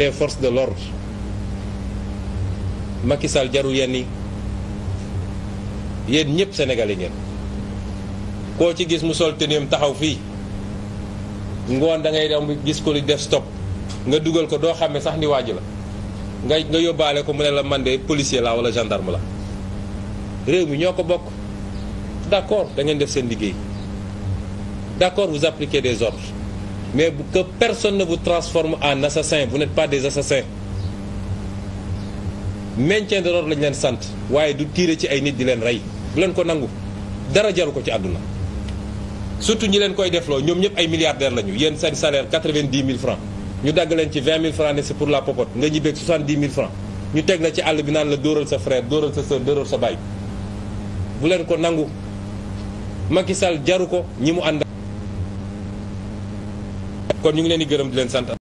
les force de l'ordre makisal Sall jarul yenn yi yéen ñëpp yi ngeen koo ci gis mu sol tenue taxaw fii ngoon da ngay dem gis ko li def stop nga dugal ko doo xamee sax ni waaj la nga nga yóbbaale ko mu ne la man de policier la wala gendarme la réew mi ñoo ko bokk d'accord da ngeen def seen liggéey d'accord vous appliquez des ordres mais que personne ne vous transforme en assassin vous n'êtes pas des assassins maintien de l'ordre lañ leen sant waaye du tiire ci ay nit di leen rey bu leen ko nangu dara jaru ko ci àdduna surtout ñi leen koy defloo ñoom ñëpp ay milliardaires lañu yéen seen salaire quatre-vingt-dix mille francs ñu dagg leen ci vingt mille francs ne c'est pour la popote nga ñibbeeg soixante-dix mille francs ñu teg la ci àll bi naan la dóoral sa frère dóoral sa sœur dóoral sa baay bu leen ko nangu Macky Sall jaru ko ñi mu ànd kon ñu ngi leen di gërëm di leen sant.